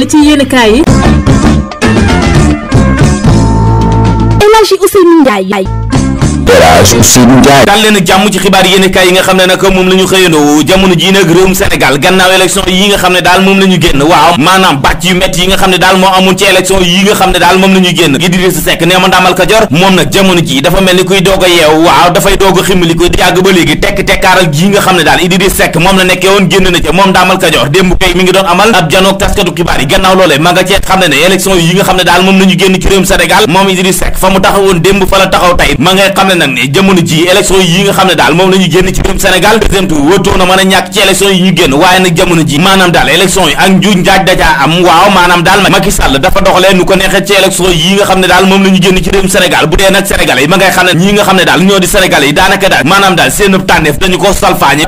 li ci yéen kaay yi El Seydou Ndiaye daal leen ak jàmm ci xibaar yéenekaay yi nga xam ne nag moom la ñu xëyandoo jamono ji nag réewum Sénégal gannaaw élection yi nga xam ne daal moom la ñu génn waaw maanaam bàcc yu métti yi nga xam ne daal moo amoon ci élection yi nga xam ne daal moom la ñuy génn Idrissa Seck nee ma ndaamal Kajoor moom nag jamono ji dafa mel ni kuy doog a yeew waaw dafay doog a ximmali ko yàgg ba léegi tekk tekkaaral gi nga xam ne daal Idrissa Seck moom la nekkee woon génn na ca moom ndaamal Kajoor démb kay mi ngi doon amal ab janoog taskatu xibaar yi gannaaw loolee ma nga cee xam ne ne élection yi nga xam ne daal moom la ñu génn ci réewum Sénégal moom Idrissa Seck fa mu taxawoon démb fa la taxaw tey ma ngay xam ne nag ne jamono ji élection yi nga xam ne daal moom la ñu génn ci réewum Sénégal deuxième tour wóotoo na mën a ñàkk ci élection yi ñu génn waaye nag jamono ji maanaam daal élection yi ak njuuj njaaj dajaa am waaw maanaam daal Macky Sall dafa doxalee nu ko neexee ci élection yi nga xam ne daal moom la ñu génn ci réewum Sénégal bu dee nag sénégalais yi ma ngay xam ne ñi nga xam ne daal ñoo di sénégalais yi daanaka daal maanaam daal seen tànneef dañu ko salfaañe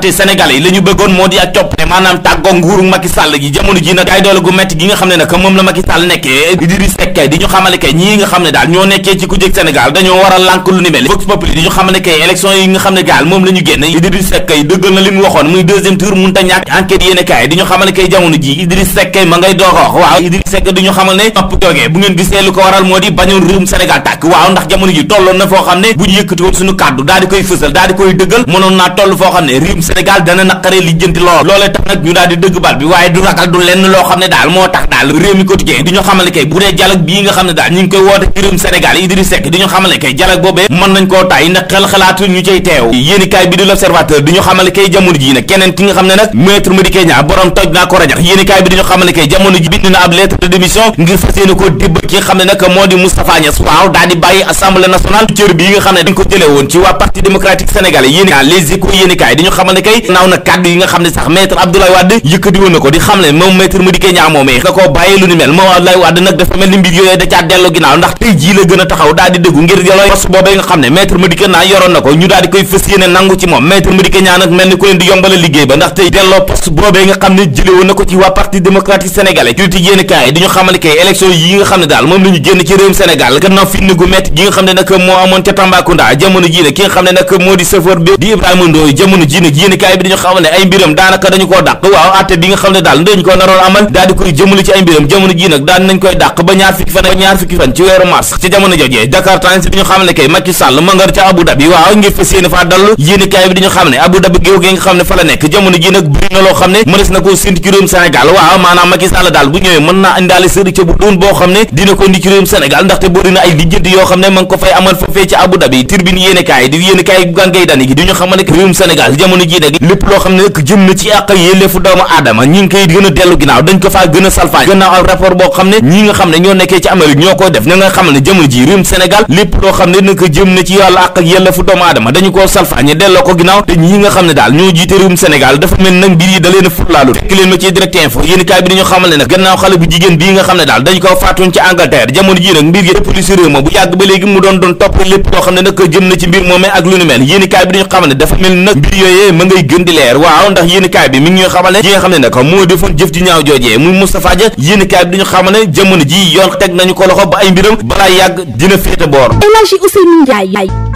moo di ak coppite maanaam tàggoo nguuru ji nag ay doole gu metti gi nga xam ne nag moom la Macky Sall nekkee Idrissa Seck di ñu xamale kay xam ne kay élection yi nga xam ne gaal moom la ñu génn Idriss Seck kay dëggal na li mu waxoon muy deuxième tour mun ta ñàkk enquête yéen di ñu xamal ne kay jamono a wax waaw Idriss Seck di ne topp joogee bu na foo xam ne bu ñu boobee mën nañ koo tay nag xel xalaatu ñu cay teew yéenikaay bi di l'observateur di ñu xamal kay jamono ji nag keneen ki nga xam ne nag maître Madické di ñu xamal kay nga ko bàyyi lu ni mel moom Abdoulaye Wade nag dafa mel ni mbir yooyu da caa dellu ginnaaw ndax tey jii la gën a taxaw daal di dëggu ngir yolooy poste boobee nga xam ne maître Madické naa yoroon na ko ñu daal di koy fës yéene nangu ci moom maître Madické Niang nag mel ni ku leen di yombala liggéey ba ndaxte delloo poste boobee nga xam ne bi dañu xamal ne ay mbiram ci ay mbiram jamono ji Abu Dhabi waaw ngir fas yéene faa dallu yéene bi di xam ne Abu Dhabi géew gi nga xam ne fa la nekk jamono ji nag loo xam ne mënees na koo sént ci réewum Sénégal waaw maanaam boo xam ne dina ko xam ne ma ngi ci Abu Dhabi turbine yéene kaay di yéene kaay bu gànkay dani gi di ñu xamal ne réewum Sénégal jamono ji nag lépp loo xam ne nag jëm na ci àq yelleefu doomu aadama ñi ngi koy a ko faa gën a salfaañ gannaaw ak xam ne ñi ko jamono ji réewum Sénégal lépp loo xam ak fu doomu aadama dañu koo salfaañe delloo ko ginnaaw te ñi nga xam ne daal ñoo jiite réewum Sénégal dafa mel nag mbir yi da leen futlaalu fekk leen ma ci direct info yéen bi dañu xamal ne nag gannaaw xam ne daal dañu koo faatoon ci Angleterre jamono ji nag mbir gi police réew ma bu yàgg ba léegi mu doon doon topp lépp loo na ci mbir moomee ak lu ni mel yéen kaay bi dañu xamal ne dafa mel nag mbir yooyee ma ngay gën di leer waaw ndax yéen bi mi ngi xamal ne yi nga xam ne nag moo defoon jëf ji ñaaw joojee muy Moustapha Dia yéen kaay bi dañu xamal ne jamono ji yoon teg nañu ko loxo ba ay mbiram balaa yàgg dina féete boor Elhadji